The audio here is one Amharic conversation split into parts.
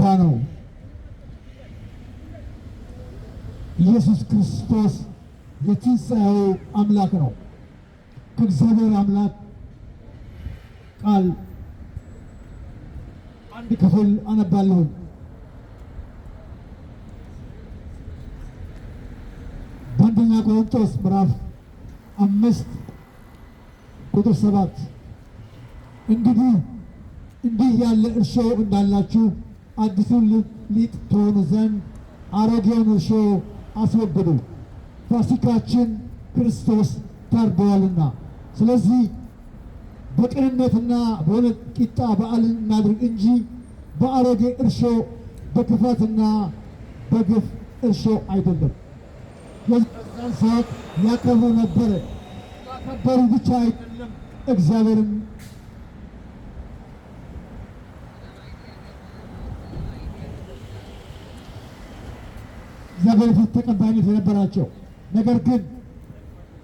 ደስታ ነው። ኢየሱስ ክርስቶስ የትንሣኤው አምላክ ነው። ከእግዚአብሔር አምላክ ቃል አንድ ክፍል አነባለሁ! በአንደኛ ቆሮንቶስ ምዕራፍ አምስት ቁጥር ሰባት እንግዲህ እንዲህ ያለ እርሾ እንዳላችሁ አዲሱን ሊጥ ትሆኑ ዘንድ አሮጌውን እርሾ አስወግዱ፣ ፋሲካችን ክርስቶስ ታርደዋልና። ስለዚህ በቅንነትና በእውነት ቂጣ በዓልን እናድርግ እንጂ በአሮጌ እርሾ በክፋትና በግፍ እርሾ አይደለም። የዛን ሰዓት ያከብሩ ነበረ። ያከበሩ ብቻ አይደለም እግዚአብሔርም ዘገሪቶች ተቀባይነት የነበራቸው ነገር ግን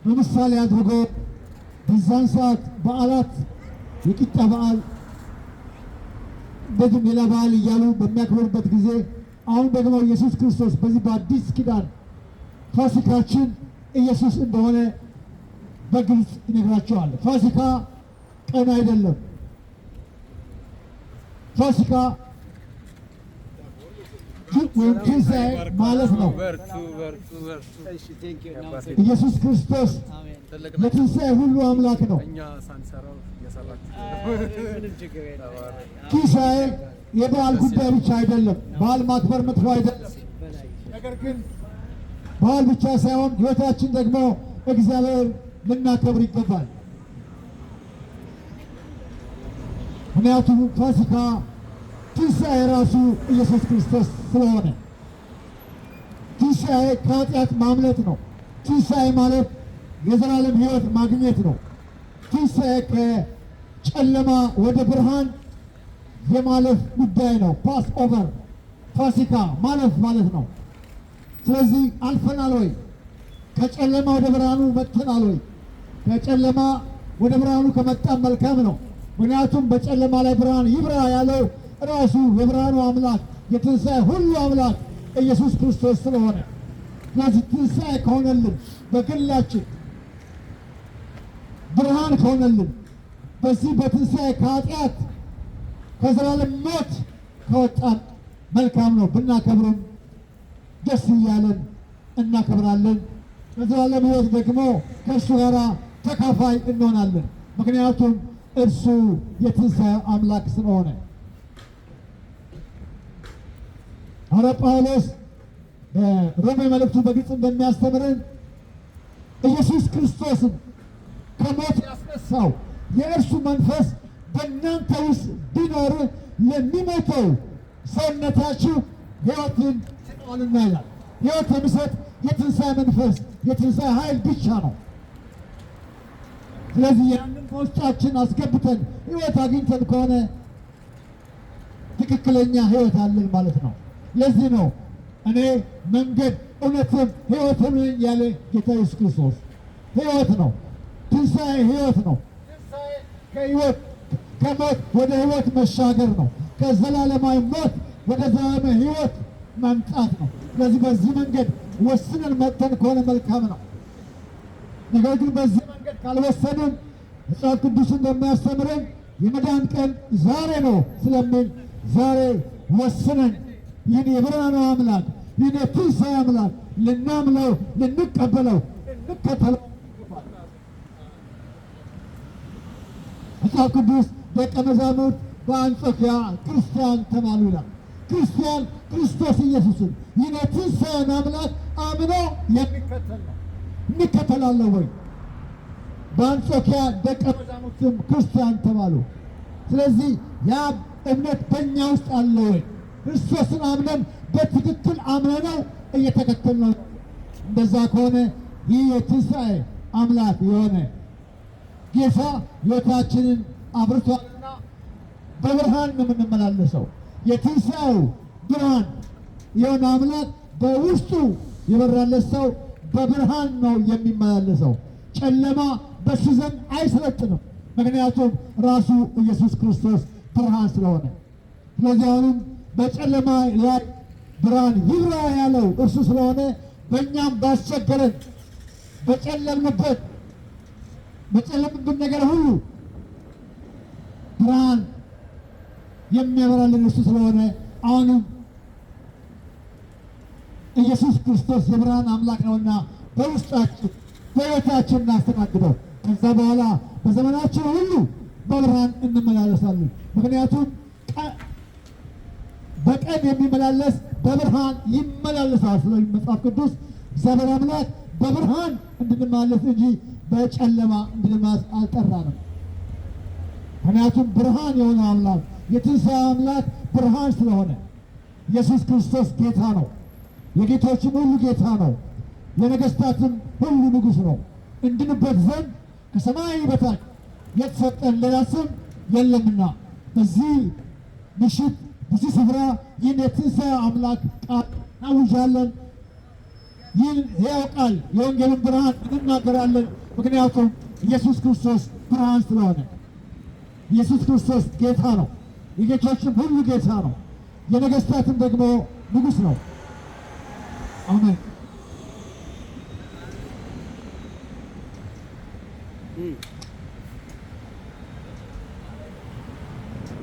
በምሳሌ አድርጎ በዛን ሰዓት በዓላት የቂጣ በዓል እንደዚሁም ሌላ በዓል እያሉ በሚያክብሩበት ጊዜ አሁን ደግሞ ኢየሱስ ክርስቶስ በዚህ በአዲስ ኪዳን ፋሲካችን ኢየሱስ እንደሆነ በግልጽ ይነግራቸዋል። ፋሲካ ቀን አይደለም። ፋሲካ Gitmeyin kimseye muhalef olun. İyesus Kristus ለትንሣኤ ሁሉ አምላክ ነው። ትንሣኤ የበዓል ጉዳይ ብቻ አይደለም። በዓል ማክበር መጥፎ አይደለም። ነገር ግን በዓል ብቻ ሳይሆን ሕይወታችን ደግሞ እግዚአብሔር ልናከብር ይገባል። ምክንያቱም ፋሲካ ትንሣኤ ራሱ ኢየሱስ ክርስቶስ ስለሆነ ትንሣኤ ከኃጢአት ማምለጥ ነው። ትንሣኤ ማለት የዘላለም ሕይወት ማግኘት ነው። ትንሣኤ ከጨለማ ወደ ብርሃን የማለፍ ጉዳይ ነው። ፓስ ኦቨር ፋሲካ ማለፍ ማለት ነው። ስለዚህ አልፈናል ወይ? ከጨለማ ወደ ብርሃኑ መጥተናል ወይ? ከጨለማ ወደ ብርሃኑ ከመጣም መልካም ነው። ምክንያቱም በጨለማ ላይ ብርሃን ይብራ ያለው ራሱ የብርሃኑ አምላክ የትንሣኤ ሁሉ አምላክ ኢየሱስ ክርስቶስ ስለሆነ ስለዚህ ትንሣኤ ከሆነልን በግላችን ብርሃን ከሆነልን በዚህ በትንሣኤ ከኃጢአት ከዘላለም ሞት ከወጣን መልካም ነው። ብናከብርም ደስ እያለን እናከብራለን። በዘላለም ሕይወት ደግሞ ከእሱ ጋር ተካፋይ እንሆናለን። ምክንያቱም እርሱ የትንሣኤ አምላክ ስለሆነ ሐዋርያ ጳውሎስ በሮሜ መልእክቱ በግልጽ እንደሚያስተምርን ኢየሱስ ክርስቶስን ከሞት ያስነሳው የእርሱ መንፈስ በእናንተ ውስጥ ቢኖር ለሚሞተው ሰውነታችሁ ሕይወትን ይሰጣልና ይላል። ሕይወት የሚሰጥ የትንሣኤ መንፈስ የትንሣኤ ኃይል ብቻ ነው። ስለዚህ ያንን በውስጣችን አስገብተን ሕይወት አግኝተን ከሆነ ትክክለኛ ሕይወት አለን ማለት ነው። ለዚህ ነው እኔ መንገድ እውነትም ሕይወትም ያለ ጌታ ኢየሱስ ክርስቶስ ሕይወት ነው። ትንሣኤ ህይወት ነው። ከሕይወት ከሞት ወደ ህይወት መሻገር ነው። ከዘላለማዊ ሞት ወደ ዘላለማዊ ሕይወት መምጣት ነው። ስለዚህ በዚህ መንገድ ወስነን መጥተን ከሆነ መልካም ነው። ነገር ግን በዚህ መንገድ ካልወሰንን መጽሐፍ ቅዱስ እንደሚያስተምረን የመዳን ቀን ዛሬ ነው ስለሚል ዛሬ ወስነን ይህን የብርሃኑ አምላክ ይህን የትንሣኤ አምላክ ልናምለው፣ ልንቀበለው፣ ልንከተለው መጽሐፍ ቅዱስ ደቀ መዛሙርት በአንጾኪያ ክርስቲያን ተባሉ ይላል። ክርስቲያን ክርስቶስ ኢየሱስን ይህን የትንሣኤን አምላክ አምነው የሚከተል እንከተላለሁ ወይ? በአንጾኪያ ደቀ መዛሙርትም ክርስቲያን ተባሉ። ስለዚህ ያ እምነት በእኛ ውስጥ አለ ወይ? ክርስቶስን አምነን በትክክል አምነነው ነው። እንደዛ ከሆነ ይህ የትንሣኤ አምላክ የሆነ ጌታ ሕይወታችንን አብርቷልና በብርሃን ነው የምንመላለሰው። የትንሣኤው ብርሃን የሆነ አምላክ በውስጡ የበራለት ሰው በብርሃን ነው የሚመላለሰው። ጨለማ በሱ ዘንድ አይሰለጥንም፣ ምክንያቱም ራሱ ኢየሱስ ክርስቶስ ብርሃን ስለሆነ። ስለዚህ አሁንም በጨለማ ላይ ብርሃን ይብራ ያለው እርሱ ስለሆነ በእኛም ባስቸገረን በጨለምንበት በጨለምንበት ነገር ሁሉ ብርሃን የሚያበራልን እርሱ ስለሆነ አሁንም ኢየሱስ ክርስቶስ የብርሃን አምላክ ነውና በውስጣችን በሕይወታችን እናስተናግደው። ከዛ በኋላ በዘመናችን ሁሉ በብርሃን እንመላለሳለን። ምክንያቱም በቀን የሚመላለስ በብርሃን ይመላለሳል ስለ መጽሐፍ ቅዱስ እግዚአብሔር አምላክ በብርሃን እንድንመላለስ እንጂ በጨለማ እንድንመላለስ አልጠራንም። ምክንያቱም ብርሃን የሆነ አምላክ የትንሣኤ አምላክ ብርሃን ስለሆነ ኢየሱስ ክርስቶስ ጌታ ነው። የጌቶችም ሁሉ ጌታ ነው። የነገስታትም ሁሉ ንጉሥ ነው። እንድንበት ዘንድ ከሰማይ በታች የተሰጠን ሌላ ስም የለምና እዚህ ምሽት እዚህ ስፍራ ይህን የትንሣኤ አምላክ ቃል እናውጃለን። ይህን ያውቃል ቃል የወንጌልን ብርሃን እንናገራለን። ምክንያቱም ኢየሱስ ክርስቶስ ብርሃን ስለሆነ፣ ኢየሱስ ክርስቶስ ጌታ ነው። የጌቶችም ሁሉ ጌታ ነው። የነገስታትም ደግሞ ንጉሥ ነው። አሜን።